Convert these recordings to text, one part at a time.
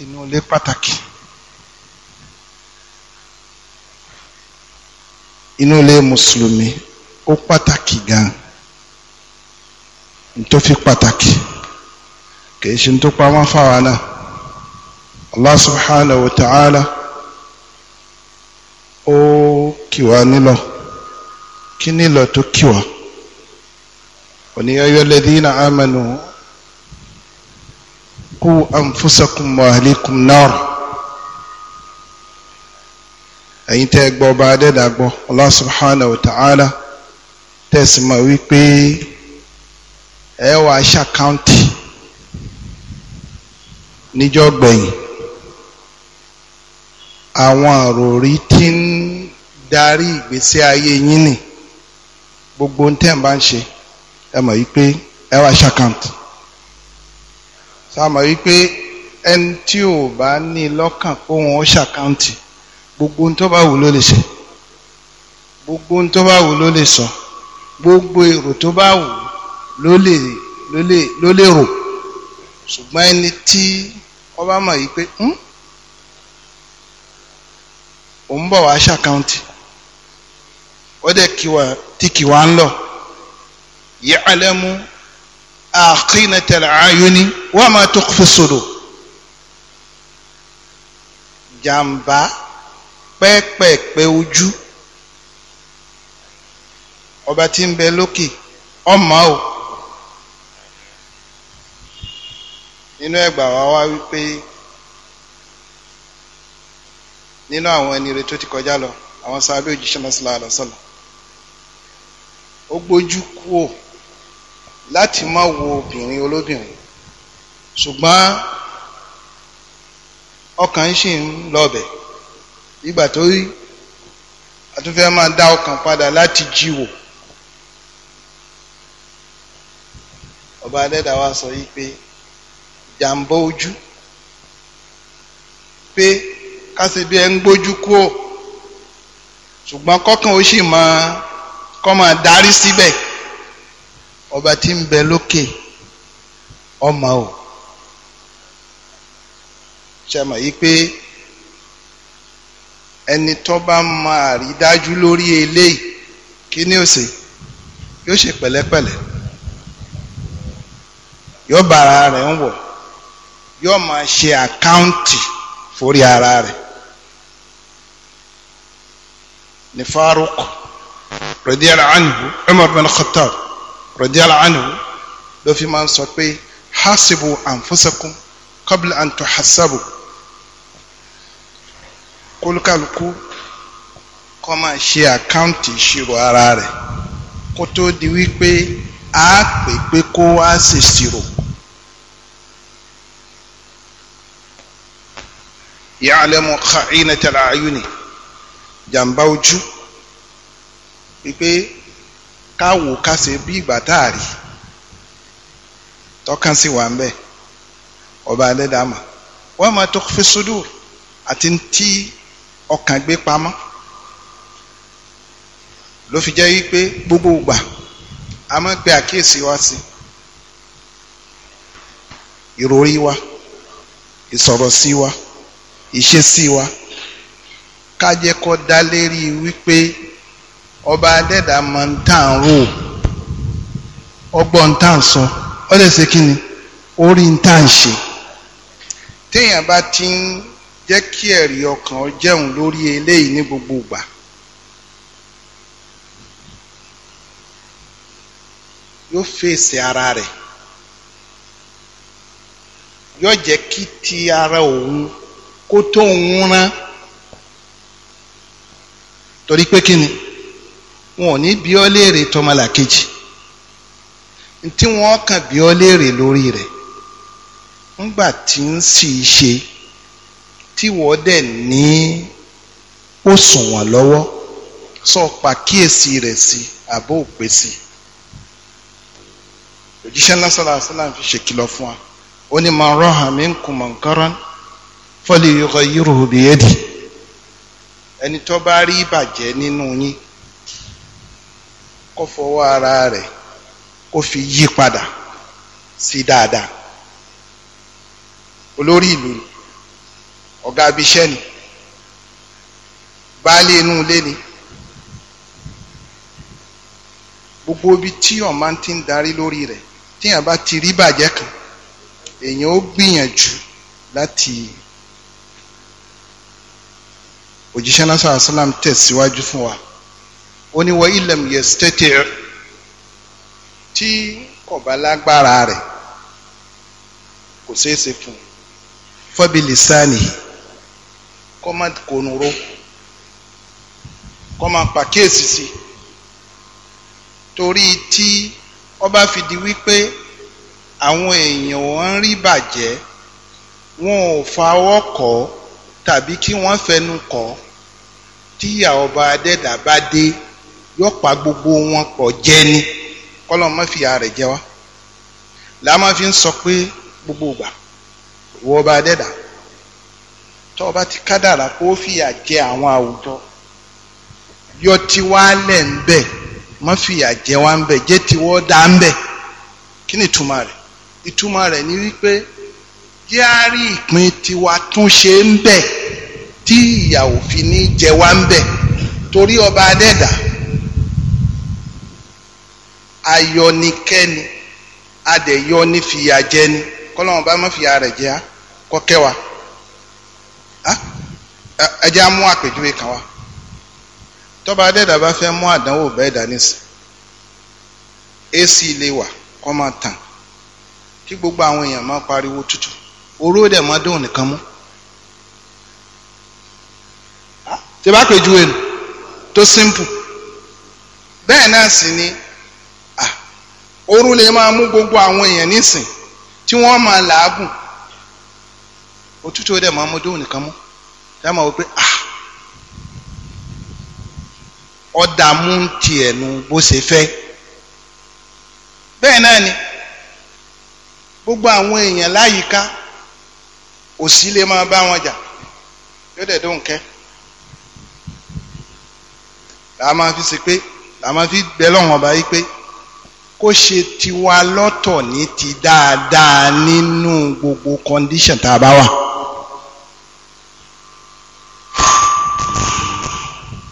inú ilé pàtàkì inú ilé mùsùlùmí ó pàtàkì gan tó fi pàtàkì kìí ṣe tó pamọ́ fáwa náà Allah subhanahu wa ta'ala ó kì wá nílọ kí nílọ tó kì oníyọ́yọ́ ladina amanu. قوا أنفسكم وأهليكم نارا ẹ̀yin tẹ́ gbọ́ ọba adẹ́dàgbọ́ Allah subhanahu wa ta'ala tẹ̀sí ma wípé ẹ wà ṣàkáǹtì níjọ́ gbẹ̀yìn àwọn àròrí tí ń darí ìgbésí ayé yín nì gbogbo ń ń bá ń ṣe ẹ mọ̀ wípé ẹ wà ṣàkáǹtì sàmọ̀ wípé ẹni tí ò bá ní lọ́kàn pé òun ó ṣàkáǹtì gbogbo ohun tó bá wù ló lè ṣe gbogbo ohun tó bá wù ló lè sọ gbogbo èrò tó bá wù ló lè rò ṣùgbọ́n ẹni tí wọ́n bá mọ̀ wípé hmm, òun bọ̀ wá ṣàkáǹtì ó dẹ̀ kí wá tí kì wá ń lọ àkínàtà àyóní wọ́n máa tó fi sòdò jàǹbá pẹ́ẹ́pẹ́ẹ́pẹ́ ojú ọba tí ń bẹ lókè ọmọ o nínú ẹgbà wa wá wípé nínú àwọn ẹni rẹ tó ti kọjá lọ àwọn sáré òjíṣẹ́ náà sílá àlọ́sọ̀lá ó gbójú láti má wo obìnrin olóbìnrin ṣùgbọ́n ọkàn ń ṣì ń lọ́bẹ̀ nígbà tó rí àtúnfẹ́ máa dá ọkàn padà láti jíwò ọba adẹ́dà wa sọ yìí pé jàǹbá ojú pé kásì bí ẹ ń gbójú kú ò ṣùgbọ́n kọ́kàn ó sì máa kọ́ máa darí síbẹ̀. Si ọba tí ń bẹ lókè ọmọ o ṣàmà yí pé ẹni tó bá máa rí dájú lórí eléyìí kí ni ó ṣe yóò ṣe pẹ̀lẹ́pẹ̀lẹ́ yóò bá ara rẹ̀ ń wọ̀ yóò máa ṣe àkáǹtì forí ara rẹ̀ ní Faruk radiyallahu anhu Umar bin Khattab radiyallahu anhu ló fi máa ń sọ pé hasibu anfusakum qabla an tuhassabu kólúkálukú kó máa ṣe àkáǹtì ìṣirò ara rẹ̀ kó tó di wípé a pè pé kó wá ṣèṣirò. ya'lamu kha'inatal a'yuni jàǹbá ojú wípé káwò kásẹ̀ bí ìgbà táàrí tọ́kàn sí wà ń bẹ̀ ọba adẹ́dàmà wọ́n máa tó fi sódò àti tí ọkàn gbé pamọ́ ló fi jẹ́ wípé gbogbo ìgbà a máa ń àkíyèsí wa sí ìròrí wa ìsọ̀rọ̀ sí wa ìṣesí wa ká jẹ́ kó dá lérí wípé. ọba adẹ́dà mọ̀ ń tàn rò ọgbọ́n tàn sọ ọ lè ṣe kí ni orí ń tàn ṣe téèyàn bá ti ń jẹ́ kí ẹ̀rí ọkàn jẹun lórí eléyìí ní gbogbo ìgbà. yóò fèsì ara rẹ̀ yóò jẹ́ kí ti ara òun kó tó òun rán torí pé kí ni. wọn ò ní bí ọ léèrè kejì tí wọn kàn bí ọ léèrè lórí ńgbà tí ń sì ṣe tí wọ́n dẹ̀ ní ó sùn sọ pàkíyèsí rẹ sí àbó òpè sí òjíṣẹ́ ńlá sọ́lá fi ṣèkìlọ̀ fún wa ó ní man raha minkum munkaran falyughayyirhu biyadihi ẹni tó bá rí kó fọwọ́ ara rẹ̀ kó fi yí padà sí dáadáa olórí ìlú ọ̀gá abiṣẹ́ ni baálé inú ilé ni gbogbo ibi tí ọ̀ máa ti ń darí lórí rẹ̀ tíyàn bá ti rí bàjẹ́ kan èèyàn ó gbìyànjú láti òjíṣẹ́ náà sọ̀rọ̀ tẹ̀síwájú fún wa. oníwọ̀ ilẹ̀m yẹ̀stẹ́tẹ̀ tí kò bá lágbára rẹ̀ kò ṣeé ṣe fún un fọ́bìlì sáàni kọ́ máa kónúró kọ́ máa pàkíyèsí sí torí tí ọba fi di wípé àwọn èèyàn wọn rí bàjẹ́ wọn ò fawọ́ kọ́ tàbí kí wọ́n fẹnu kọ́ tíyà ọba adẹ́dà bá dé. yóò gbogbo wọn pọ̀ jẹ́ ni kọ́lọ́ má fi ara rẹ̀ jẹ wá fi ń sọ pé gbogbo wọ ọba adẹ́dà tó ọba ti kádàrà kó fìyà jẹ àwọn àwùjọ yọ lẹ̀ ń bẹ̀ jẹ wá ń bẹ̀ jẹ́ tiwọ́ dá ń bẹ̀ kí ni ìtumọ̀ rẹ̀ ìtumọ̀ rẹ̀ ni wípé jẹ́ á rí ìpín tiwa tún ṣe ń bẹ̀ tí ìyàwó fi ní jẹ wá ń bẹ̀ torí ọba adẹ́dà ayọnikẹ́ni adẹ̀yọ ní fìyà jẹni kọ́lọ́wọ́n bá má fìyà rẹ̀ jẹ́ kọ́kẹ́ wa ẹ jẹ́ á mú àpèjúwe kan wa tọ́ba adẹ́dà bá fẹ́ mú àdánwò bẹ́ẹ̀ dání sí ac lè wà kọ́ máa tàn kí gbogbo àwọn èèyàn máa pariwo tútù oró dẹ̀ máa dùn nìkan mú tí bá pèjúwe nù tó simple bẹ́ẹ̀ náà sì ni oorun lè máa mú gbogbo àwọn èèyàn nísìn tí wọ́n máa làágùn òtútù ó dẹ̀ nìkan mú dáa máa ah ọ̀dà mú tiẹ̀ nu bó ṣe fẹ́ bẹ́ẹ̀ náà ni gbogbo àwọn èèyàn láyìíká òsì lè máa bá wọn jà yóò dẹ̀ dóhùn kẹ́ làá máa fi ṣe pé làá máa fi bẹ́ lọ́wọ́n báyìí pé kó ṣe tiwa lọ́tọ̀ ní ti dáadáa nínú gbogbo condition tá a bá wà.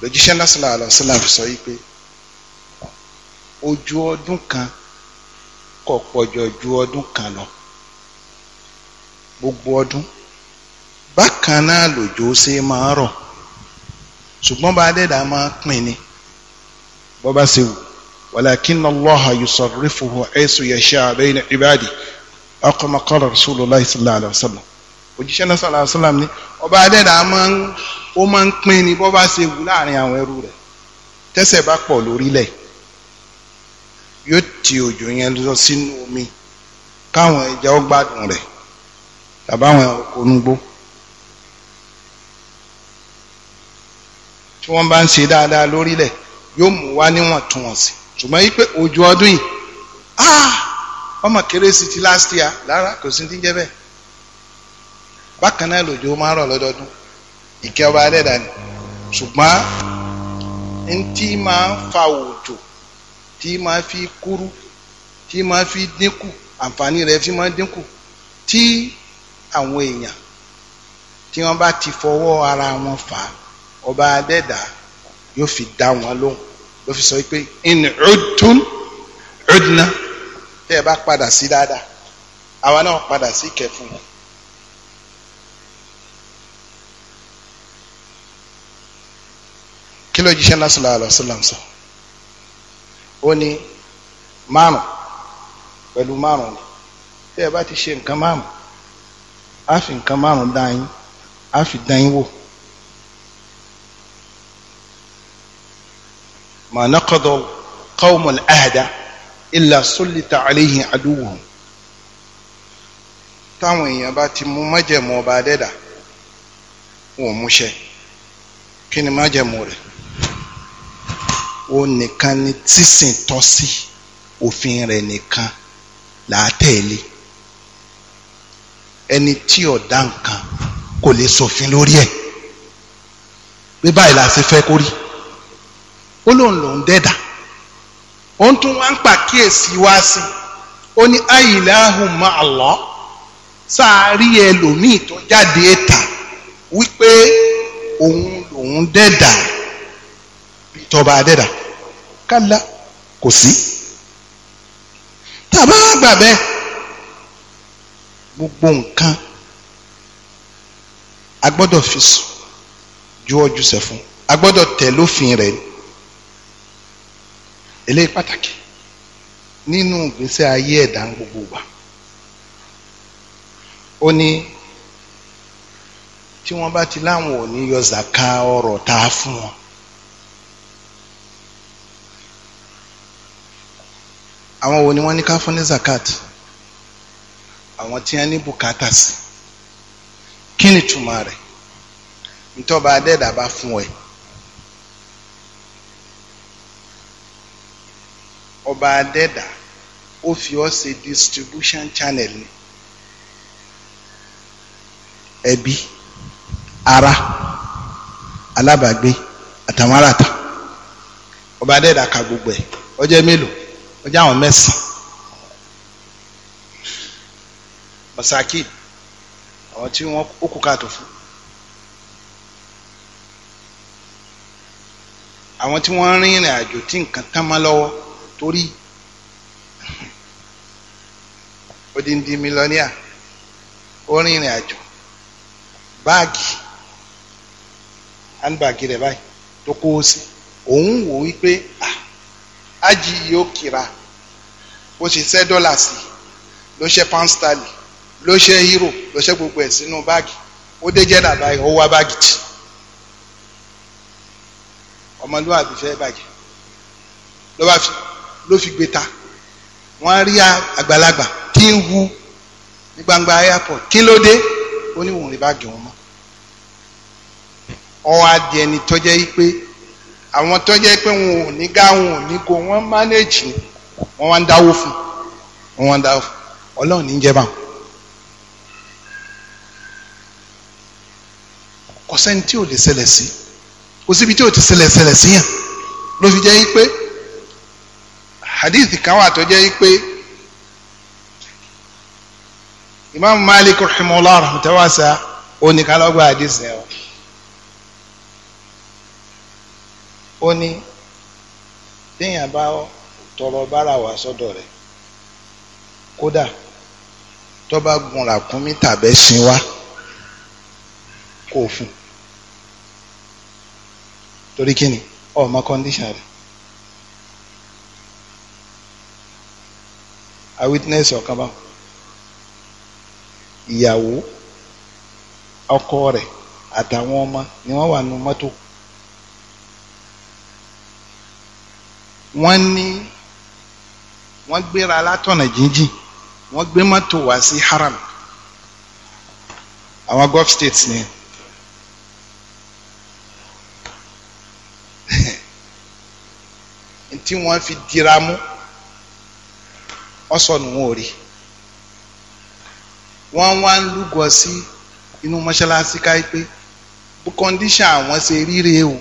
lójúṣẹ́ náà sallallahu alaihi wasallam fi sọ yìí pé ojú ọdún kan kò pọ̀jọ ju ọdún kan lọ gbogbo ọdún bákan náà lòjò ṣe máa rọ̀ ṣùgbọ́n bá dẹ́dà máa pín ni bọ́ bá ṣe wù. ولكن الله يصرفه حيث يشاء بين عباده أقم قال رسول الله صلى الله عليه وسلم òjíṣẹ́ náà sọ̀rọ̀ àṣọlám ni ọba adẹ́dà ó máa ń pín ni bọ́ bá ṣe wù láàrin àwọn ẹrú rẹ̀ tẹ́sẹ̀ bá pọ̀ lórílẹ̀ yóò ti òjò yẹn lọ sínú omi káwọn ẹja ó gbádùn rẹ̀ tàbáwọn onugbó tí wọ́n bá ń ṣe dáadáa lórílẹ̀ yóò mú wá níwọ̀ntúnwọ̀nsì ṣùgbọ́n yí pé òjò ọdún yìí ah ọmọ kérésì ti last year lára kò sí ti jẹ́ bẹ́ẹ̀ bákan náà lòjò máa ń rọ̀ lọ́dọọdún ìkẹ́ ọba adẹ́dà ni ṣùgbọ́n ntí máa ń fa òjò tí máa fi kúrú tí máa fi dínkù àǹfààní rẹ̀ fi máa dínkù tí àwọn èèyàn tí wọ́n bá ti fọwọ́ ara wọn fà ọba adẹ́dà yóò fi dá wọn lóhùn ló fi sọ pé in udtun udna tẹ́ ẹ bá padà sí dáadáa àwa náà padà sí kẹfún yẹn. kí ló jíṣẹ́ náà sallallahu alaihi wasallam sọ ó ní márùn pẹ̀lú márùn ni ẹ bá ti ṣe nǹkan márùn á fi nǹkan márùn dá yín á fi dá yín wò. ما نقض قوم العهد إلا سلط عليه عدوهم táwọn èèyàn bá ti mú májẹ̀mú ọba adẹ́dà wọn mú ṣẹ kí ni májẹ̀mú rẹ̀ ó nìkan ni tísìn tọ́ sí òfin rẹ̀ nìkan làátẹ̀lé ẹni tí ọ̀dá nǹkan kò lè ṣòfin lórí ẹ̀ bí la ṣe fẹ́ kó rí ó lóun lòun dẹ́dà òun tún wá ń pàkíyèsí wá sí ó ní ayilahum ma Allah sáàrí ẹlòmíì tó jáde ta wípé òun lòun dẹ́dà tọba adẹ́dà kálá kò sí tàbá gbà bẹ́ẹ̀ gbogbo nǹkan a gbọ́dọ̀ fi sùn ju ọjọ́ sẹ́fún a gbọ́dọ̀ tẹ̀ lófin rẹ̀ ni eléyìí pàtàkì nínú ìgbésẹ̀ ayé ẹ̀dá gbogbo wa ó ní tí wọ́n bá ti láwọn ò ní yọ zaka ọrọ̀ tá a fún wọn. àwọn wo ni wọ́n ní ká fún ní zakat àwọn tí wọ́n ní bùkátà sí kí ni túmọ̀ rẹ̀ ntọ́ba adẹ́dàá bá fún ẹ ọba adẹ́dà ó fi ọ́ ṣe distribution channel ni ẹbí ara alábàágbé àtàwọn aráàta ọba adẹ́dà ka gbogbo ẹ̀ ọjọ́ mélòó ọjọ́ àwọn mẹ́sàn-án masakin àwọn tí wọ́n ó kú káàtó fún. àwọn tí wọ́n rìn àjò tí nǹkan tán mọ́ lọ́wọ́ torí odindi mílíọ̀nìà ó rin ìrìn àjò báàgì handbag báyìí tó kó o sí òun wò wípé ah yóò kíra ó ṣe ṣẹ́ dọ́là sí ló ṣe pound sterling ló ṣe euro ló ṣe gbogbo ẹ̀ sínú báàgì ó dé jẹ́dà báyìí ó wá báàgì ọmọlúwàbí fẹ́ bàjẹ́ ló fi gbé ta wọ́n rí àgbàlagbà tí ń hu ní gbangba airport kí ló dé ó ní òun rí báàgì wọn mọ́ ọwọ́ adìẹ ni tọ́jẹ́ pé àwọn tọ́jẹ́ pé wọn ò ní gá wọn ò ní go wọ́n mánéjì wọ́n wá ń dáwó fún wọ́n wá ń dáwó fún ọlọ́run ní jẹ́ báwọn. kò tí ò lè ṣẹlẹ̀ sí kò ò ti ṣẹlẹ̀ ṣẹlẹ̀ sí yàn ló fi jẹ́ pé hadith kan wà tó jẹ́ pé imam malik rahimahullah rahmatawasa ó ní kálọ́gbà hadith yẹn o ó ní téèyàn bá tọrọ bára wà sọ́dọ̀ rẹ̀ kódà tó bá gun ràkúnmí tàbẹ́ sin wá kó fún torí kí ni ọmọ kọ́ndíṣàn rẹ̀ a witness ọ̀kan bá ìyàwó ọkọ rẹ̀ àtàwọn ọmọ ni wọ́n wà nù mọ́tò wọ́n ní wọ́n gbéra látọ̀nà jíjìn wọ́n gbé mọ́tò wá sí haram àwọn gulf states ni tí wọ́n fi dira mú ọsọnù wọn ò rí wọ́n wá ń lúgọ sí inú mọ́ṣáláṣí káyí pé bó kọ́ndíṣàn àwọn ṣe ríre o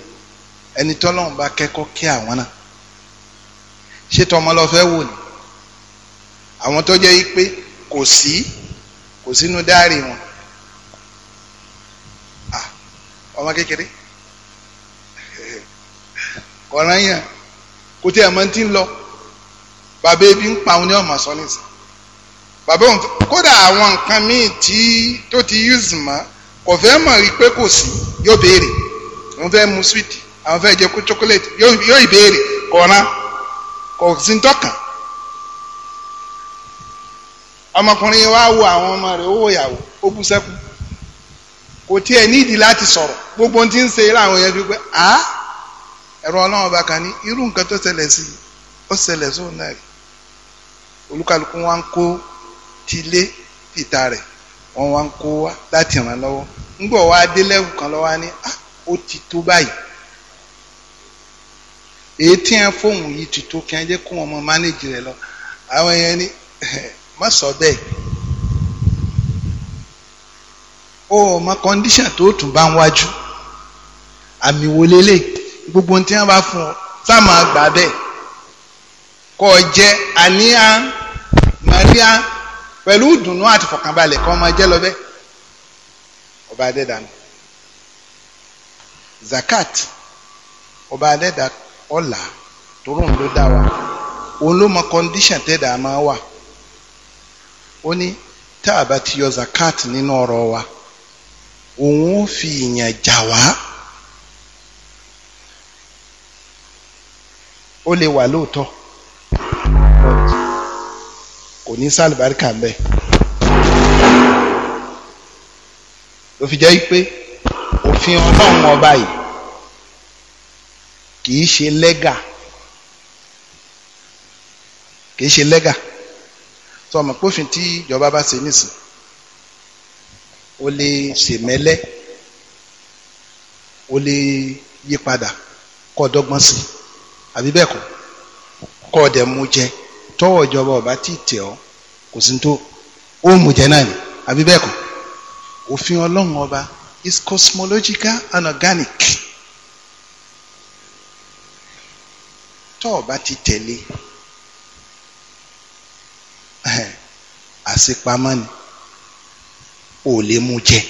ẹni tọ́lọ́run bá kẹ́kọ̀ọ́ kí àwọn náà ṣé tọmọ lọ fẹ́ wò ni àwọn tó jẹ́ pé kò sí kò sínú dáàrí wọn ọmọ kékeré kọ̀ọ̀rọ̀ kò tí ẹ̀ mọ́ ti ń lọ. bàbá ebi ń pa òun ní ọmọ nìsín bàbá òun kódà ti use mọ́ kò fẹ́ mọ̀ rí pé kò sí yóò béèrè òun fẹ́ mu sweet àwọn fẹ́ jẹ kó chocolate yóò ìbéèrè kọ̀ọ̀rán kò sí ń tọ́kàn ọmọkùnrin wa wo àwọn ọmọ bu seku ìyàwó ó bú sẹ́kù kò tiẹ̀ gbogbo ohun tí ń ṣe láwọn yẹn fi pé a ẹ̀rọ ọlọ́run kan ní irú nǹkan tó ṣẹlẹ̀ sí olúkálukú wa ń kó tilé ìta rẹ̀ wọ́n wá ń kó wá láti ràn lọ́wọ́ ńgbọ̀ wá dé lẹ́wù kan lọ́wọ́ á ní ah, ó ti tó báyìí èyí tí wọ́n fóun yìí ti tó kí wọ́n jẹ́ kó wọn mọ mánéjì rẹ̀ lọ àwọn èèyàn ní má sọ bẹ́ẹ̀ ó mọ kọ́ndíṣàn tó tún bá ń wájú àmì wo gbogbo ohun tí wọ́n bá fún ọ sáà máa gbà bẹ́ẹ̀ kọ́ jẹ́ àníyàn àlàáfíà pẹ̀lú ìdùnnú àti fọkànbalẹ̀ kọ́ máa jẹ́ lọ́bẹ̀ ọba adẹ́dàánù zakat ọba adẹ́dà ọ̀là torún ló dá wa òun ló mọ kọ́ndíṣàn tẹ́dà máa wà ó ní tá a bá ti yọ zakat nínú ọ̀rọ̀ wa òun ó fi ìyàn jà wá. ó lè wà lóòótọ́ kò ní sálùbáríkà ń bẹ ló fi jẹ́ pé òfin ọlọ́run ọba yìí kì í ṣe lẹ́gà kì í ṣe lẹ́gà tó ọmọ pófin tí ìjọba bá ṣe nìsín o lè ṣèmẹ́lẹ́ o lè yí padà kọ́ ọ dọ́gbọ́n sí àbí bẹ́ẹ̀ kọ́ ọ dẹ̀ mú jẹ tọ́wọ́ ìjọba ọba tí ì tẹ̀ ọ́ kò sí tó ó mú jẹ náà ni àbí bẹ́ẹ̀ kọ́ òfin ọlọ́run ọba is cosmological and organic tọ́ọ̀bá ti tẹ̀lé àṣepamọ́ ni ò lè mú jẹ.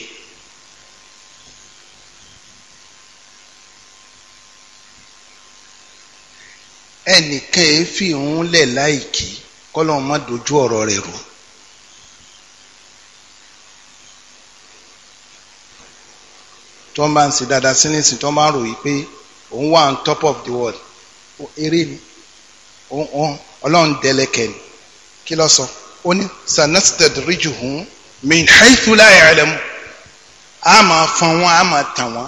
ẹnìkan èéfì ń lẹ̀ láìkí kọ́lọ́n má dojú ọ̀rọ̀ rẹ̀ rò. tó ń bá ń ṣe dáadáa sí nísìnyí tó ń bá ń ròyìn pé òun wà on top of the world eré ni ọlọ́run dẹlẹ́kẹ̀ ni kí ló sọ ó ní ridge min haythu la ya'lamun a máa fọn wọn a máa tàn wọn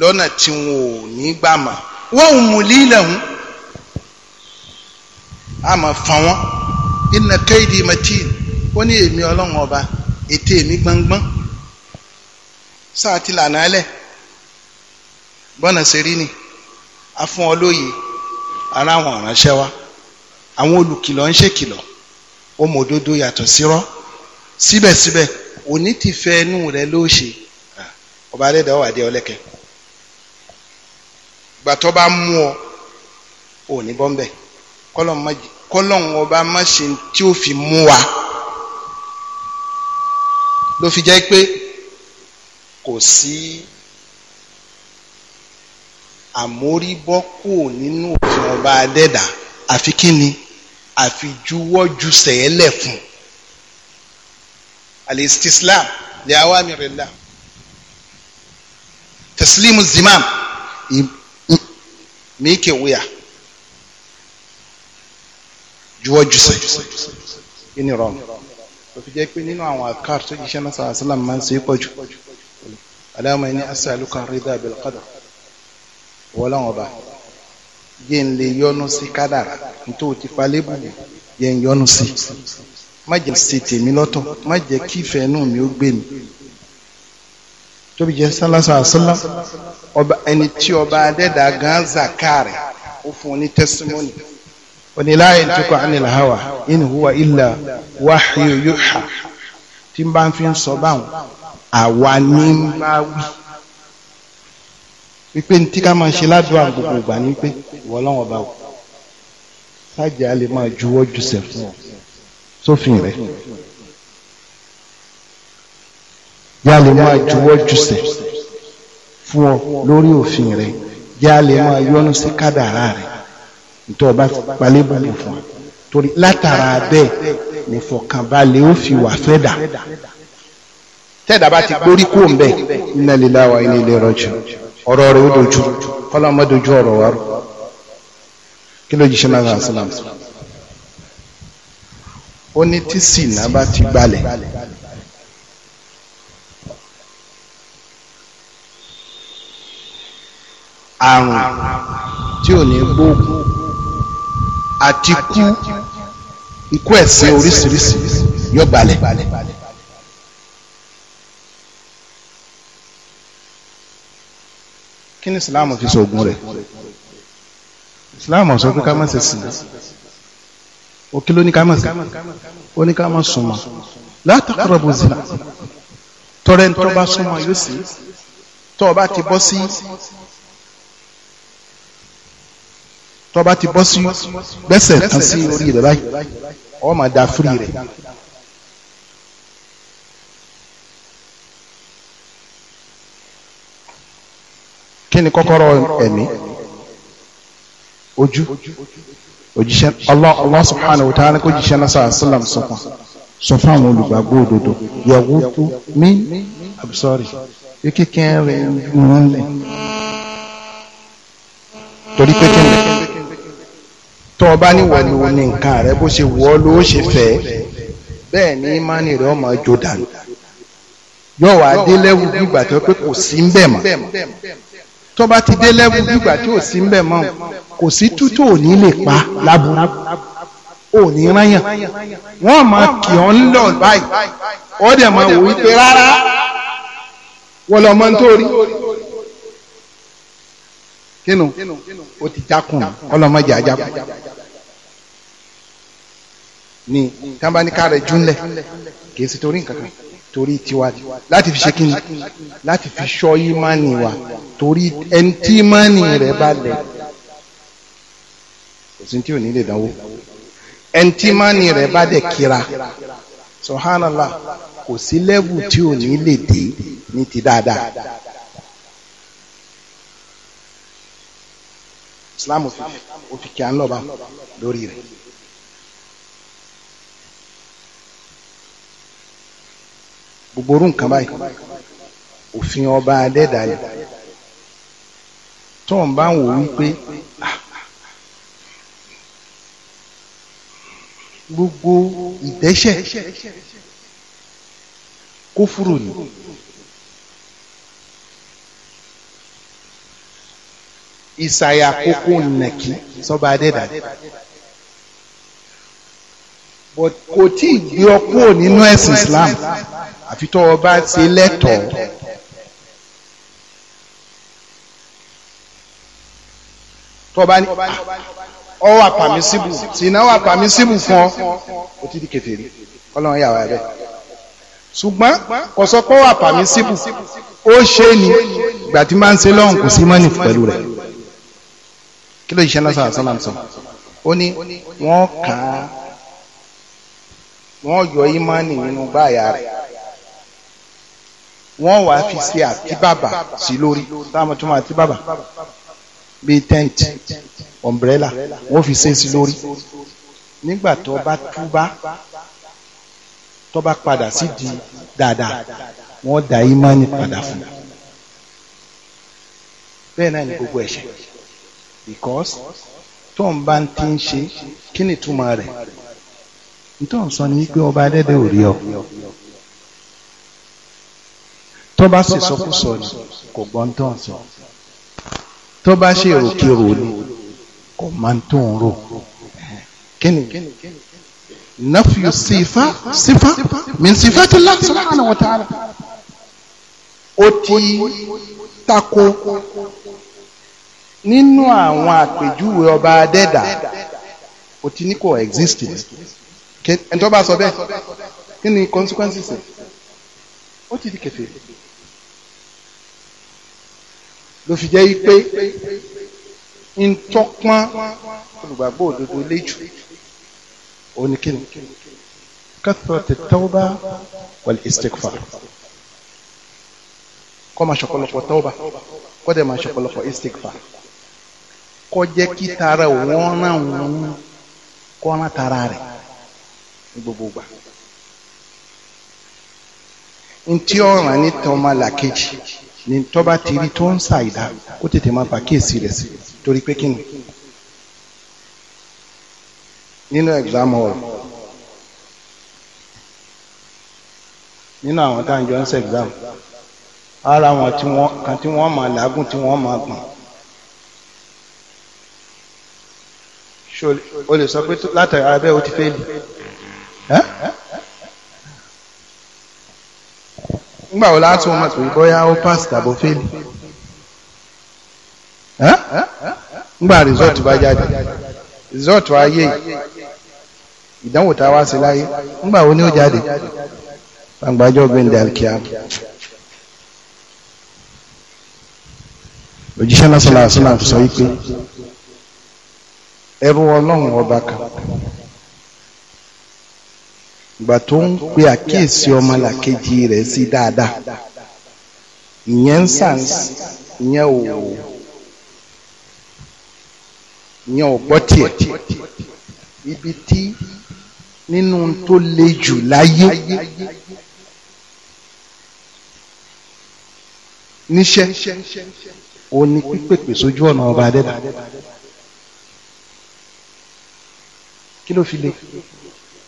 lọ́nà tí wọn ò ní gbà mà wọ́n ò mú lílẹ̀ hùn a máa fọn wọn inna kéèdì matin ó ní èmi ọlọ́run ọba ètè èmi gbọ́ngbọ́n sáà ti lànà ẹlẹ̀ bọ́nà ṣerí ni a fún ọ lóye ara àwọn ìránṣẹ́ wa àwọn olùkìlọ̀ ń ṣèkìlọ̀ ó mọ òdodo yàtọ̀ sírọ́ síbẹ̀síbẹ̀ òní ti fẹ́ inú rẹ ló ṣe ọba adẹ́dàá wà dé ọlẹ́kẹ̀ gbàtọ́ bá mú ọ òní bọ́m̀bẹ̀ kọ́lọ́n ọba má ṣe tí ó fi mú wa ló fi jẹ́ pé kò sí àmóríbọ́ kò nínú òfin ọba adẹ́dà àfi kí ni àfi juwọ́ ju sẹ̀ẹ́lẹ̀ fún alistislam li awamirillah taslimu zimam mi ke juwọ́ jùsẹ̀ ìní rọrùn tó fi jẹ́ pé nínú àwọn àkàr tó jíṣẹ́ náà sàrà sílám máa ń ṣe é pọ̀ jù aláàmà ní asàlùkà rídà bilkadà wọlé wọn bá jẹ́ ń lè yọnu sí kádàrà nítorí ti palẹ́ bù jẹ́ ń yọnu sí má jẹ́ ṣe tèmi lọ́tọ̀ má jẹ́ kí ìfẹ́ inú mi ó gbé mi tóbi jẹ́ sálásà àṣálá ẹni tí ọba adẹ́dàá gan zakari ó fún un ní tẹ́símọ́nì oníláyé tukọ anil hawa in huwa illa wahyu yuha tí n bá fi ń sọ báwọn àwa ní bá wí wípé tí ká máa ṣe ládùúgbò àgbègbè ìgbà ní pé ìwọ lọ́wọ́ bá wò sájà lè máa juwọ́ jùsẹ̀ fún ọ sófin rẹ yá lè máa juwọ́ jùsẹ̀ fún ọ lórí òfin rẹ yá lè máa yọnu sí kádàrá rẹ nítorí ọba palẹ́ bùbù fún wa torí látara bẹ́ẹ̀ nífọ̀kànbalẹ̀ ó fi wà fẹ́ dà tẹ́ẹ̀dá bá ti gbórí kó ń bẹ̀ inna lillahi wa inna ilayhi raji'un ọ̀rọ̀ rẹ̀ ó dojú kọ́lọ́mọ́ dojú ọ̀rọ̀ wa rò kí ló jíṣẹ́ náà sàlám ó ní tí sìnà bá ti gbalẹ̀ àrùn tí ò ní gbóògùn àti kú ikú ẹ̀sìn oríṣiríṣi yóò gbalẹ̀. kí ni islam fi sọ̀gùn rẹ̀ islam sọ pé ká má ṣe sìn ó kí ló ní ká má ṣe ó ní ká má súnmọ́ la taqrabu zina tọrẹ ń tọ́ bá súnmọ́ yóò sì tọ́ ọ bá ti bọ́ sí tó ti bọ́ sí gbẹ́sẹ̀ kan sí orí rẹ̀ báyìí ó máa da firi rẹ̀. kí ni kọ́kọ́rọ́ ẹ̀mí ojú òjíṣẹ́ Allah Allah subhanahu wa ta'ala kó jíṣẹ́ náà sàlá sàlám sọ̀kan sọ fáwọn olùgbàgbọ́ òdodo yẹ̀wò tó mí absorry kíkẹ́ rẹ̀ ń rún lẹ̀ torí pé kí ni tó o bá níwọ̀ ló ní nǹkan rẹ bó ṣe wọ́ ló ṣe fẹ́ bẹ́ẹ̀ ni ìmánì rẹ ọmọ jò dànù yóò wá dé lẹ́wù gbígbà tó pé kò sí ń bẹ̀ mọ́ tó bá ti dé lẹ́wù gbígbà tí ò sí ń bẹ̀ mọ́ kò sí tútù òní lè pa lábúrú òní ráyàn wọ́n máa kì ọ́ ń lọ báyìí ọ́ dẹ̀ máa wò wípé rárá wọ́n lọ́ mọ́ ń tó rí kínú ó ti jákùn ọlọ́mọdé ajákùn ni tábánikà rẹ̀ júnlẹ̀ kìí ṣe torí nǹkan kan torí tiwa láti fi ṣe kíni láti fi ṣọ́ ìmánì wa torí ẹni tí ìmánì rẹ̀ bá lẹ̀ kò sí tí ò ní lè dánwò ẹni tí ìmánì rẹ̀ bá dẹ̀ kíra subhanallah kò sí lẹ́bù tí ò ní lè dé ní ti dáadáa. islam òfin kí à ń lọ bá lórí rẹ̀. gbogbo orú nǹkan báyìí òfin ọba adẹ́dàlẹ̀ tó ń bá ń wò wípé ah, ah, ah, gbogbo ìdẹ́ṣẹ̀ kófúrò ni. ìsàyà kókó nàkí sọba adédàdé but kò tí ì gbé ọ kúrò nínú ẹ̀sìn Islam àfi tó o bá ṣe lẹ́tọ̀ọ́. tọba ni ọ wà pàmísìbù tìǹà wà pàmísìbù fún ọ o ti di kèfèrí Ọlọ́run yà wá rẹ ṣùgbọ́n kò sọ pé wà pàmísìbù ó ṣe ni ìgbà tí máa ń ṣe lọ́hùn kò sí mọ́nì pẹ̀lú rẹ̀ kí ló ìṣẹ́ lọ́sọ̀ àṣọ́làm sọ ó ní wọ́n kà á wọ́n yọ ìmánì nínú báyà rẹ̀ wọ́n wàá fi ṣe àtíbàbà sí lórí táwọn tó bíi tent umbrella wọ́n fi ṣe sí lórí nígbà tó bá túbá tó bá padà sí di dáadáa wọ́n dá ìmánì padà fún un bẹ́ẹ̀ náà ni gbogbo ẹ̀ṣẹ̀ because tó ń bá ń ti ń ṣe kí ni túmọ̀ rẹ̀ nítorí wọn sọ ni wípé ọba adẹ́dẹ́ ò rí ọ tó bá sì sọkúsọ ni kò gbọ́ ń tàn sọ tó bá ṣe èròkèrò ni kò máa ń tó ń rò kí ni nafiyu sifa sifa min sifati Allah subhanahu wa ti tako nínú àwọn àpèjúwe ọba adẹ́dà kò ti ní kò exist ni ẹni bá sọ bẹ́ẹ̀ kí ni consequences ẹ̀ ó ti di kẹfẹ́ ló fi jẹ́ yí pé ń tọ́pọ́n olùgbàgbọ́ òdodo léjù òní kí ni kathratu tawba wal istighfar kọ́ máa ṣọ̀pọ̀lọpọ̀ tawba kọ́ dẹ̀ máa ṣọ̀pọ̀lọpọ̀ istighfar kọjẹ́ kí tara òun ràn òun kọ́ran tara rẹ̀ ní gbogbo gbà. Ntí ọ̀ràn ní tọ́mọ làkejì ní tọ́ba ti rí tó ń ṣàìdá kó tètè máa bà kíyèsí rẹ̀ sí torí pé kí ni. Nínú exam hall nínú àwọn táwọn jọ ń ṣe exam ara wọn kan tí wọ́n máa làágùn tí wọ́n máa gbọ̀n. o lè sọ pé látàrí abẹ́ o ti fẹ́ẹ̀lì nígbà wo láti wọn àti bóyá ó pass tàbó fẹ́ẹ̀lì nígbà result bá jáde result wa yé ìdánwò tá a wá sí láyé nígbà wo ni ó jáde gbàgbájọ́ gbẹ̀ndẹ̀ alkiam. òjíṣẹ́ náà sọ̀rọ̀ àṣìlá sọ wípé ẹbọ ọlọ́run ọba kan ìgbà tó ń pe àkíyèsí ọmọlàkejì rẹ̀ sí dáadáa ìyẹn ń sàn ìyẹn ò ìyẹn ò gbọ́ tiẹ̀ ibi tí nínú tó le jù láyé níṣẹ́ òun pípèpè sójú ọ̀nà ọba adẹ́dàá. kí ló fi le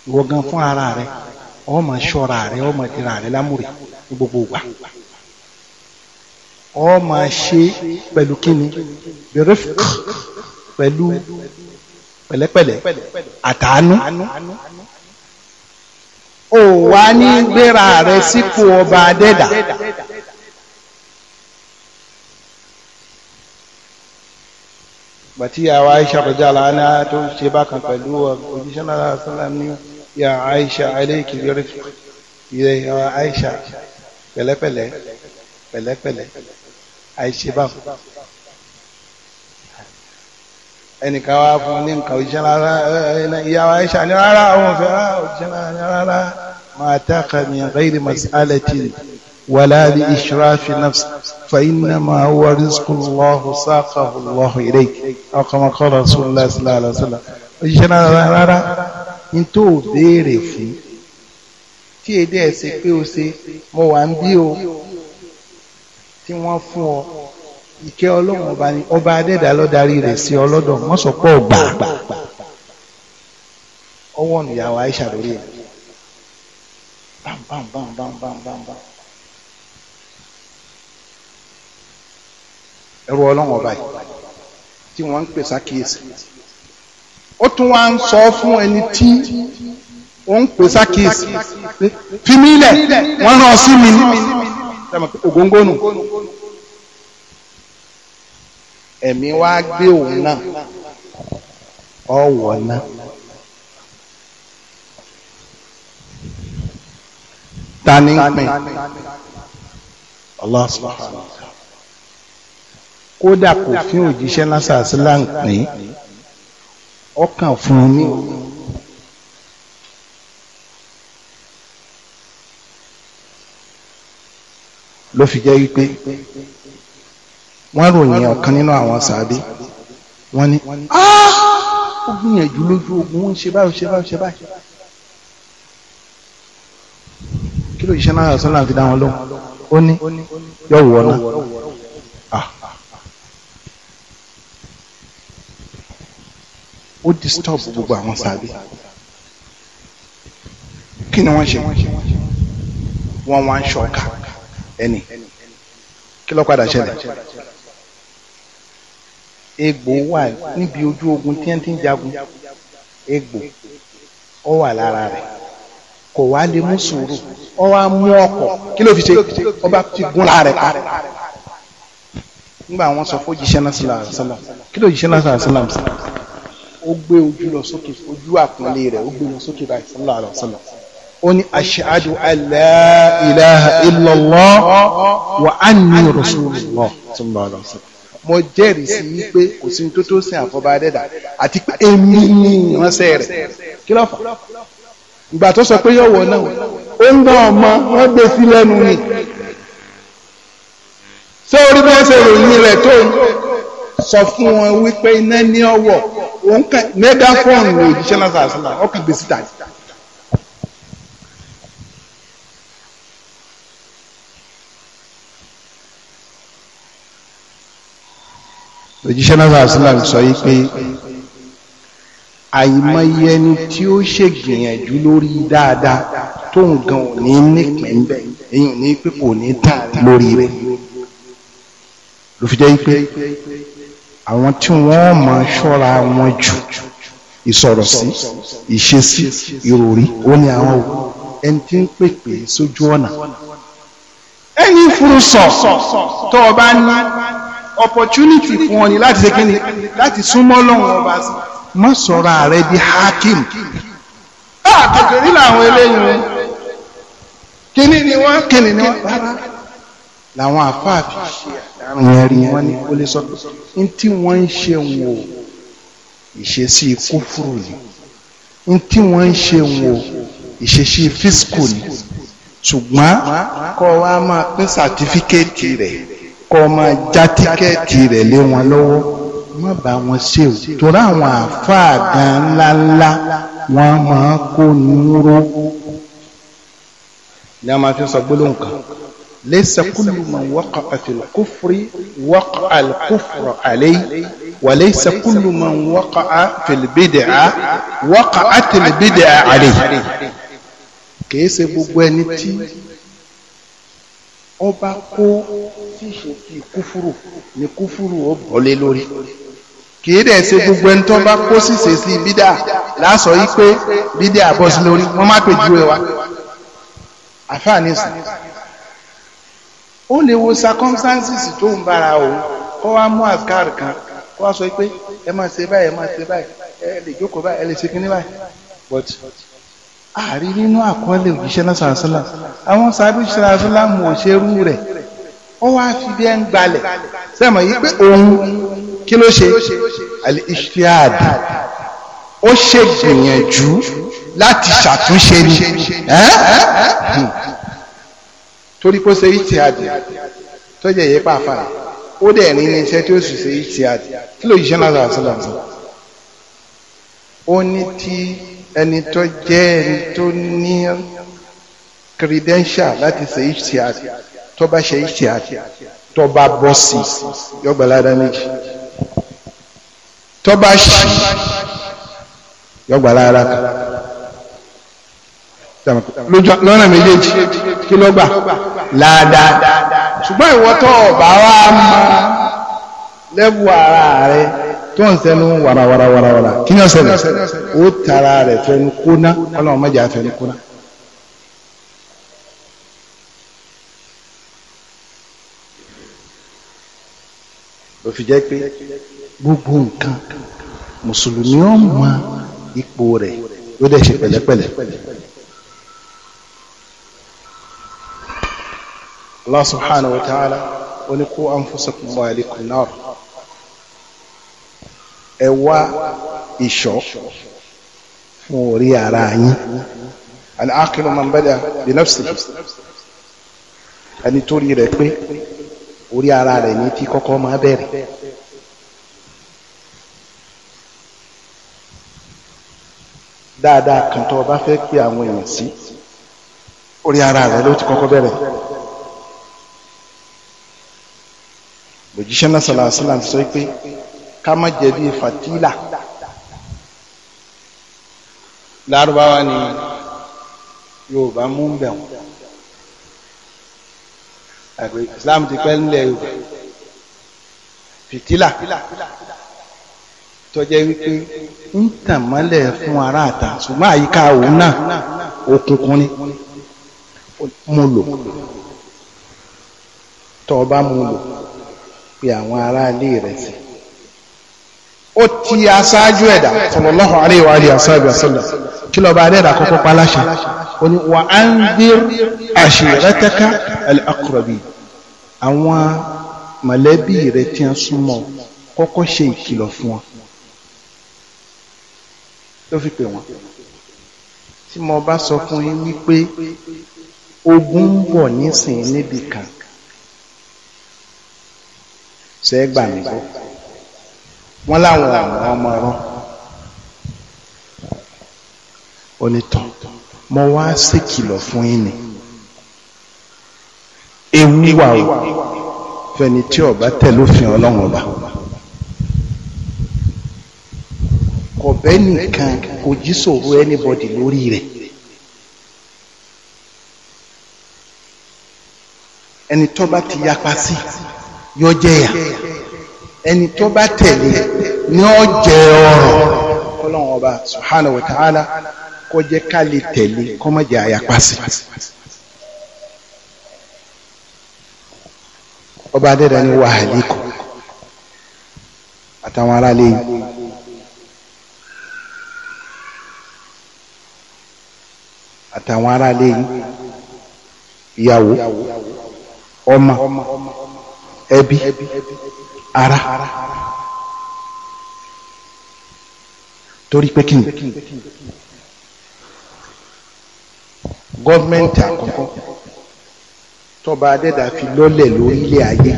ìwọ gan fún ara rẹ ọ ma ṣọ́ra rẹ ọ ma dira rẹ lámùrè ní gbogbo ìgbà ọ ma ṣe pẹ̀lú kíni bẹrẹfik pẹ̀lú pẹ̀lẹ́pẹ̀lẹ́ àtàánú ó wà ní gbéra rẹ sípò ọba adẹ́dà. bàtí yàwá aisha rọjàlá ní a tó ṣe bákan pẹ̀lú òjíṣẹ́ náà sọ́lám ní yà aisha aléìkì yọrí ilẹ̀ yàwá aisha pẹ̀lẹ́pẹ̀lẹ́ pẹ̀lẹ́pẹ̀lẹ́ àìṣe bá fún ẹnìkan wá fún ní nǹkan òjíṣẹ́ rárá yàwá aisha ní rárá àwọn òfin rárá òjíṣẹ́ rárá máa tá a kà mí ghayri mas'alatin. ولا لإشراف نفس فإنما هو رزق الله ساقه الله إليك أو كما قال رسول الله صلى الله عليه وسلم òṣìṣẹ́ náà rárá ní tó béèrè fún tí èdè ẹ̀ ṣe pé o ṣe mo wà ń bí o tí wọ́n fún ọ ìkẹ́ ọlọ́run ọba ni ọba adẹ́dà ló rẹ̀ sí ọlọ́dọ̀ wọ́n sọ pé ọgbà ọwọ́ nìyàwó Aisha lórí ẹ̀ bam bam bam bam bam bam bam. ẹrú ọlọ́run ọba yìí tí wọ́n ń pè sákìyèsí ó tún wá ń sọ fún ẹni tí ó ń pè sákìyèsí fi mí lẹ̀ wọ́n rán ọ sí mi ògóńgó nù ẹ̀mí wá gbé òun náà ọ̀wọ̀ náà. Ta ni Allah subhanahu wa ta'ala kódà kò fún òjíṣẹ́ lásàásì láǹpín ọkàn fún mi. ló fi jẹ́ wípé wọ́n ròyìn ọ̀kan nínú àwọn sàábé wọ́n ní ah! ó gbìyànjú lójú ogun ó ń ṣe báyìí ó ṣe báyìí ó ṣe báyìí kí ló yìí náà sọ́nà fi dá lóhùn ó ní yọ̀wọ̀ náà. ó disturb gbogbo àwọn sàbí kí ni wọ́n ṣe wọ́n wá ń ṣọ̀ka ẹni kí ló padà ṣẹlẹ̀ egbò wà níbi ojú ogun tí wọ́n ti ń jagun egbò ó wà lára rẹ̀ kò wá lè mú sùúrù ó wá mú ọkọ̀ kí ló fi ṣe ó bá ti gún rẹ̀ pa nígbà wọ́n sọ fún òjíṣẹ́ náà sílá àṣàlám kí ló òjíṣẹ́ náà sílá sílá ó gbé ojú lọ sókè ojú àpọ́nlé rẹ̀ ó gbé lọ sókè báyìí sallallahu alaihi wasallam ó ní ashhadu an la ilaha illallah wa anni rasulullah sallallahu alaihi wasallam mo jẹ́rìí sí wípé kò sí tó tó sin àfọba dẹ́dà àti pé èmi ni ìránṣẹ́ rẹ̀ kí ló fà ìgbà tó sọ pé yọ̀wọ̀ náà ó ń gbọ́n ọmọ wọ́n gbé sí lẹ́nu ni sórí bí wọ́n ṣe ròyìn rẹ̀ tó ń sọ fún wọn wípé iná ní ọwọ́ òun kàn mẹgáfóònù ló jíṣẹ́ lásán àṣàlà ọkàn gbèsè tàbí. òjíṣẹ́ lásán àṣàlà sọ yìí pé àìmọye ẹni tí ó ṣègbìyànjú lórí dáadáa tóun gan ò ní nípìn bẹ́ẹ̀ ní pé ní tàn lórí rẹ̀ ló fi jẹ́ pé àwọn tí wọ́n máa ṣọ́ra wọn jù ìsọ̀rọ̀ sí ìṣesí ìròrí ó ní àwọn o ẹni tí ń pèpè sójú ọ̀nà ẹni furusọ tó o bá ní opportunity fún ọ ni láti ṣe kíni láti súnmọ́ lọ́wọ́ ọba sí má sọ̀rọ̀ ààrẹ di hakim báà ah, kékeré làwọn eléyìí rẹ kíni ni wọ́n kíni ni wọ́n rárá làwọn àfáà fi ṣe àdárùn yẹn rí wọn ní ó lè sọ pé ní tí wọ́n ń ṣe wò ìṣesí kúfùrù ni ní tí wọ́n ń ṣe wò ìṣesí físíkù ni ṣùgbọ́n kọ́ wa máa pín sàtífíkẹ́ẹ̀tì rẹ̀ kọ́ máa já tíkẹ́ẹ̀tì rẹ̀ lé wọn lọ́wọ́ má bá wọn ṣe o torí àwọn àfáà gan ńláńlá wọn máa kó níró ni a máa fi sọ gbólóhùn kan. ليس كل من وقع في الكفر وقع الكفر عليه وليس كل من وقع في البدعة وقعت البدعة عليه kìí ṣe gbogbo ẹni tí ó bá kó tíṣe kí kúfúrù ni kúfúrù ó bọ́lé lórí kìí dẹ̀ ṣe gbogbo ẹni tó bá kó ṣìṣe sí bídà lásọ yìí pé bídà bọ́ sí lórí wọ́n má pè ju ẹ wa àfáà ní sùn ó lè wo circumstances tó ń bára o kó wá mú àkàr kan kó wá sọ pé ẹ máa ṣe báyìí ẹ máa ṣe báyìí ẹ lè jókòó báyìí ẹ lè ṣe kíní báyìí but ààrí nínú àkọọ́lẹ̀ òjíṣẹ́ náà sàásìlá àwọn sàbí sàásìlá mú òṣèrú rẹ̀ ó wá fi bí ẹ ń gbalẹ̀ sẹ́mọ̀ yìí pé òun kí ló ṣe àlè ìṣíàdì ó ṣe gbìyànjú láti ṣàtúnṣe ni torí pé ó ṣe ìtìhàdì tó jẹ́ ìyẹ́pà àfàrà ó dẹ̀ ní ní iṣẹ́ tí ó sì ṣe ìtìhàdì kí ló yíṣẹ́ náà sàrà sílẹ̀ sọ. ó ní tí ẹni tó jẹ́ ẹni tó ní credential láti ṣe ìtìhàdì tó bá ṣe ìtìhàdì tó bá bọ́ sí yọgbà ládàá méjì tó bá ṣe yọgbà ládàá kan lójú lọ́nà méjèèjì kí ló gbà láadáa ṣùgbọ́n ìwọ tó bá wá mọ lẹ́bù ara rẹ tó ń sẹ́nu wàràwàràwàrà kí ni ó ṣẹlẹ̀ ó tara rẹ̀ fẹnu kóná ọlọ́run mẹ́jà fẹnu kóná. ló fi jẹ́ pé gbogbo nǹkan mùsùlùmí ọ̀ ipò rẹ̀ ló dẹ̀ ṣe pẹ̀lẹ́pẹ̀lẹ́. Allah subhanahu wa ta'ala ó ní qu anfusakum wa ahlikum nar ẹ wá ìṣọ́ fún orí ara yín al-aqilu man bada bi nafsihi ẹni tó rí rẹ̀ pé orí ara rẹ̀ ní tí kọ́kọ́ máa bẹ̀rẹ̀. dáadáa kan tó bá fẹ́ pé àwọn èèyàn sí orí ara rẹ̀ ló ti kọ́kọ́ bẹ̀rẹ̀. òjíṣẹ́ náà sọ̀rọ̀ àṣìlám sọ pé ká má jẹ bí fatila lárúbáwá ni yorùbá mú ń bẹ̀ àgbẹ̀ islam ti pẹ́ ńlẹ̀ yorùbá fìtílà tọ́jẹ́ wípé ń tàn mọ́lẹ̀ fún ará àta ṣùgbọ́n àyíká òun náà òkùnkùn ni mo lò tọ́ ọ bá mo lò pe àwọn aráalé rẹ̀ sí ó ti aṣáájú ẹ̀dá sallallahu alaihi wa alihi wasallam kí lọ́ba adẹ́dà kọ́kọ́ paláṣẹ ó ní wa anzir ashirataka al-aqrabin àwọn mọ̀lẹ́bí rẹ̀ tí ń súnmọ́ kọ́kọ́ ṣe ìkìlọ̀ fún wọn ló fi pè wọ́n tí mo bá sọ fún yín wípé ogun ń bọ̀ nísìnyí níbì kan ṣe gbà mí gbọ́ wọ́n láwọn àwọn ọmọ ọ̀rọ̀ onítọ̀ mo wá ṣèkìlọ̀ fún yín ni ewu wà o fẹni tí ọba tẹ̀lé òfin ọlọ́run ọba kọ̀bẹ́ nìkan kò jí sòro lórí rẹ̀. ẹni tó ti yapa sí i yọ jẹyà ẹni tó bá tẹ̀lé ni ó jẹ ọrọ̀ ọlọ́run ọba subhanahu wa ta'ala kó jẹ́ ká lè tẹ̀lé kó má àyàpá sí. ọba adẹ́dàá ni wàhálì kù àtàwọn aráalé yìí. àtàwọn aráalé yìí ìyàwó ọmọ ẹbí ara torí pé kí ni gọ́ọ̀mẹ̀ntì àkọ́kọ́ tọba adẹ́dà fi lọ́lẹ̀ lórílẹ̀ ayé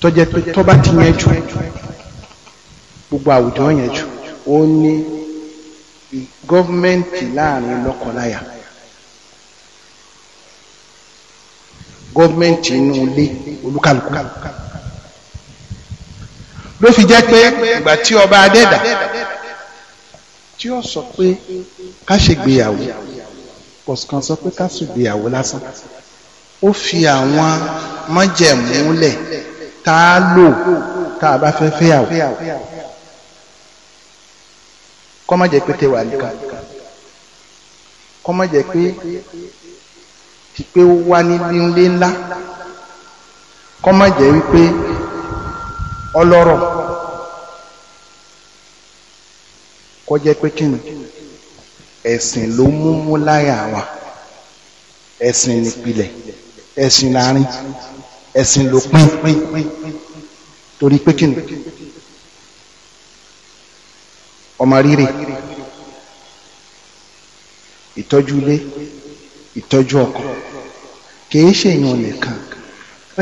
tọ́jẹ́ pé tọ́ba ti yẹn jù gbogbo àwùjọ yẹn jù ó ní gọ́ọ̀mẹ̀ntì láàrin lọ́kọ̀láyà. gọ́ọ̀mẹ̀ntì inú ilé olúkàlùkù ló fi jẹ́ pé ìgbà tí ọba adẹ́dà tí ó sọ pé ká ṣègbéyàwó kọ̀ọ̀kan sọ pé ká ṣègbéyàwó lásán ó fi àwọn májẹ̀mú lẹ̀ tá a lò tá a bá fẹ́ fẹ́yàwó kọ́mọ̀jẹ̀ pé tẹ wà nìkan kọ́mọ̀jẹ̀ pé pé ó wá nílé ńlé ńlá kọ́ má jẹ́ wípé ọlọ́rọ̀ kọ́ jẹ́ pé kí ni ẹ̀sìn ló mú mú láyà wa ẹ̀sìn nípìlẹ̀ ẹ̀sìn láàrin ẹ̀sìn ló pín torí pé kí ni ọmọ rírì ìtọ́jú ilé ìtọ́jú ọkàn kìí ṣèyàn nìkan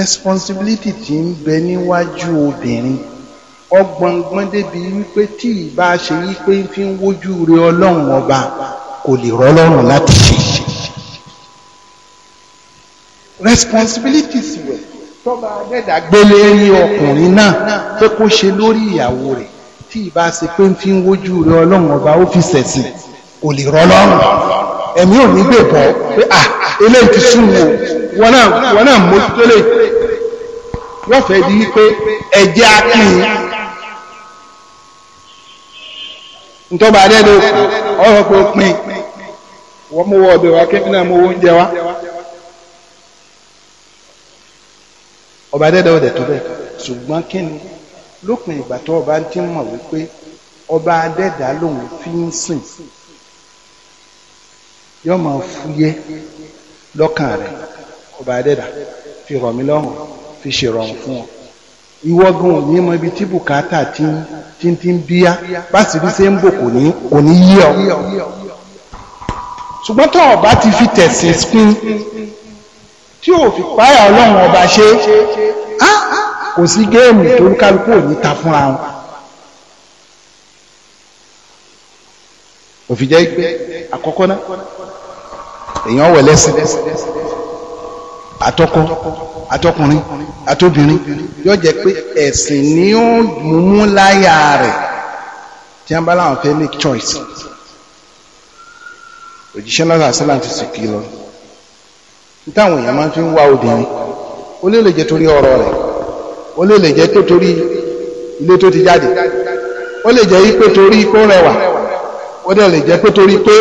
responsibility ti ń bẹ níwájú obìnrin ọgbọ̀ngbọ́n débi wípé tí ìbá ṣe wípé fi ń wójú rẹ ọlọ́run ọba kò lè rọlọ́run láti ṣe responsibility sì wẹ̀ tọ́ba adẹ́dà gbélé ní ọkùnrin náà pé kó ṣe lórí ìyàwó rẹ̀ tí ìbá ṣe pé ń fi ń wójú rẹ ọlọ́run ọba ó fi ṣẹ̀sìn kò lè rọlọ́run ẹ̀mí ò ní gbé bọ́ pé à ah, ilé ti sùn wò wọ́n náà mójútó lè wọ́n fẹ́ di wípé ẹ̀jẹ̀ akín ntọ́ba adẹ́dẹ́ òkú ọ̀rọ̀ pé ó pin wọ́n mú wọ ọbẹ̀ wá kébí náà mú oúnjẹ wá ọba adẹ́dẹ́ ọ̀dẹ̀ tó bẹ́ẹ̀ ṣùgbọ́n kí ni lópin ìgbà tó ọba ti mọ̀ wípé ọba adẹ́dàá lòun fi ń sìn yóò máa fúyẹ́ lọ́kàn rẹ̀ ọba adẹ́dà fi rọ̀ mí lọ́rùn fi ṣèrọ̀rùn fún ọ ìwọ gan òní mọ ibi tí bùkátà ti ń ti ń ti ń bíyá báṣìírí ṣe ń bò kò ní kò ní yí ọ ṣùgbọ́n tó ọba ti fi tẹ̀sìn pín tí ò fi páyà ọlọ́run ọba ṣe kò sí géèmù tó kálukú òní ta fúnra wọn. òfin jẹ́ àkọ́kọ́ náà èèyàn wẹ̀ lẹ́sìn àtọkọ àtọkùnrin àtobìnrin yóò jẹ pé ẹ̀sìn ni ó mú láyà rẹ̀ tí wọ́n bá láwọn fẹ́ make choice òjíṣẹ́ náà àṣìlá ti sì kí lọ nítawọn èèyàn máa fi ń wá obìnrin ó lè lè jẹ́ torí ọ̀rọ̀ rẹ̀ ó lè lè jẹ́ torí ilé tó ti jáde ó lè jẹ́ pé torí kó rẹwà ó dẹ̀ lè jẹ́ pé torí pé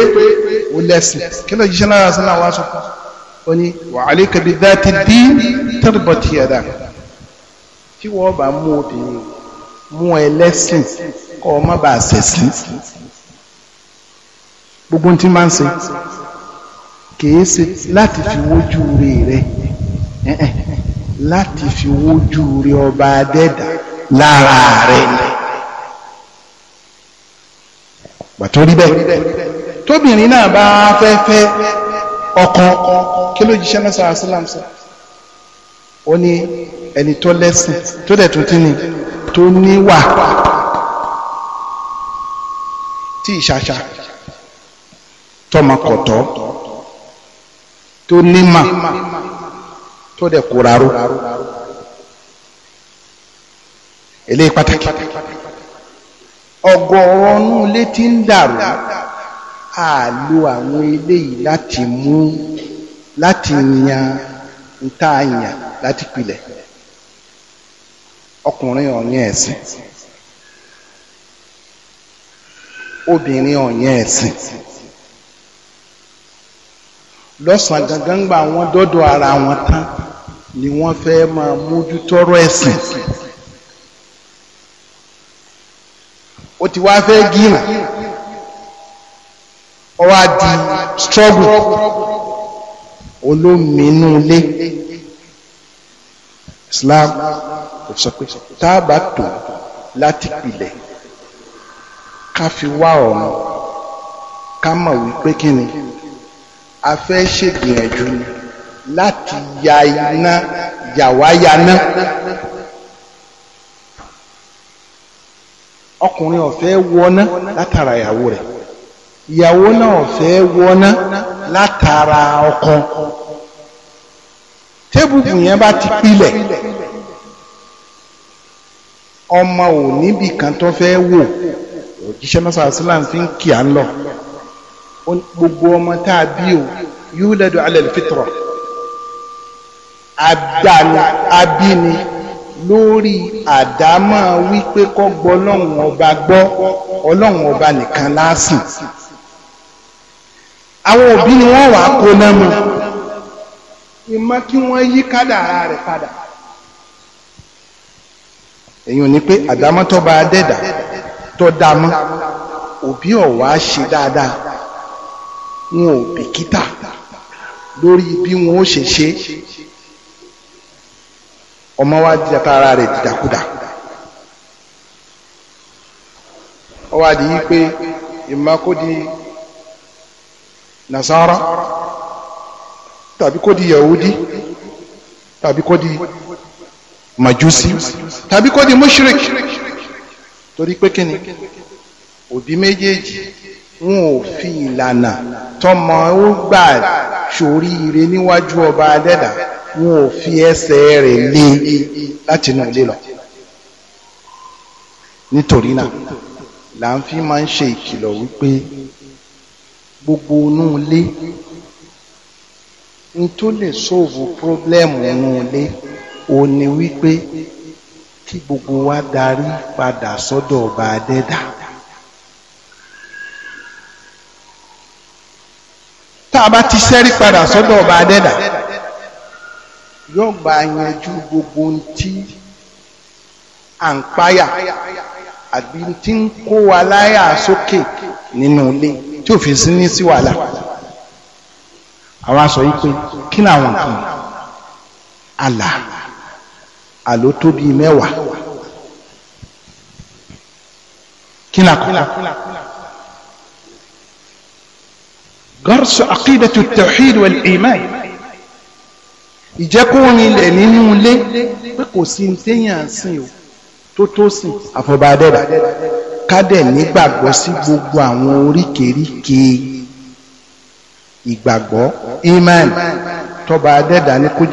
ó lẹ́sìn kí ló jíṣẹ́ lára sí làwọn aṣọ kan ó ní wa alayka bi dhati ddin tarbati yadak tí wọ́n bá mú obìnrin mú ẹ lẹ́sìn kọ́ ọ má bàa ṣẹ̀sìn gbogbo tí máa ń ṣe kìí ṣe láti fi wójú rè rẹ láti fi wójú rè ọba adẹ́dà lára rẹ ni. pàtórí bẹ́ẹ̀ tóbìnrin náà bá fẹ́ fẹ́ ọkọ kí ló jíṣẹ́ náà sọ̀rọ̀ sílám sọ ó ní ẹni tó lẹ́sìn tó dẹ̀ tún ti ní tó níwà tí ìṣàṣà tọmọkọ̀tọ́ tó nímà tó dẹ̀ kóraró eléyìí pàtàkì. ọ̀gọ̀ọ̀rọ̀ inú ilé tí ń dàrú a lo àwọn eléyìí láti mú láti yan nta yàn láti pilẹ ọkùnrin ọ̀yàn ẹ̀sìn obìnrin ọ̀yàn ẹ̀sìn lọ́sàn gangan gba àwọn dọ́dọ̀ ara wọn tán ni wọ́n fẹ́ máa mójútọ́rọ̀ ẹ̀sìn. ó ti wá fẹ́ gírà ó wá di struggle olóminú ilé Islam kò sọ pé táàbà tó láti pilẹ̀ ká fi wá ọ̀run ká mọ̀ wípé kí ni a fẹ́ ṣègbìyànjú láti ya iná yàwá yaná. ọkùnrin ọ̀fẹ́ wọná látara ìyàwó rẹ̀ ìyàwó náà ọ̀fẹ́ wọná látara ọkọ tébùkù yẹn bá ti pilẹ̀ ọmọ ò níbi kan tó fẹ́ wò òjíṣẹ́ mọ́sá islam fi ń kì á lọ gbogbo ọmọ tá a bí o yuladu ala al-fitra àdánù lórí àdámọ́ wípé kọ́ gbọ́ ọlọ́run ọba gbọ́ ọlọ́run ọba nìkan lásán àwọn òbí ni wọ́n wàá kó náà mọ́ ìmọ̀ kí wọ́n yí kádàrá rẹ̀ padà èyàn ní pé àdámọ́ tó bá dẹ́dà dámọ́ òbí ọ̀wá ṣe dáadáa wọn ò bìkítà lórí bí wọn ó ṣe ṣe ọmọ wa jẹ kára rẹ̀ dìdàkudà ó wá di wípé ìmọ̀ di nasara tàbí kó di yahudi tàbí kó di majusi tàbí kó di mushrik torí pé kíni òbí méjèèjì wọn ò fi ìlànà tọmọ ó gbà ṣoríire níwájú ọba adẹ́dàá wọn ò fi ẹsẹ̀ rẹ̀ lé láti inú ilé lọ nítorí náà là ń fi máa ń ṣe ìkìlọ̀ wípé gbogbo inú ilé n tó lè sóòvù pírọ́blẹ́mù inú ilé ò ní wípé kí gbogbo wa darí padà sọ́dọ̀ ọba adẹ́dà. tá a bá ti sẹ́rí padà sọ́dọ̀ ọba adẹ́dà yóò bá yanjú gbogbo ntí à ń páyà àbí tí ń kó wa láyà sókè nínú ilé tí ò fi sí ní sí wàhálà àwa sọ yìí pé kí ni àwọn nǹkan àlà àló tóbi mẹ́wàá kí ni gọ́rọ̀sọ àkídàtú tawhid wal iman ìjẹ́kùnrin ilẹ̀ nínú ilé pé kò sí téèyàn sìn o tó tó sìn àfọ̀bàdẹ́dà kádẹ̀ nígbàgbọ́ sí gbogbo àwọn oríkèéríkèé ìgbàgbọ́ iman tọba adẹ́dà ní kó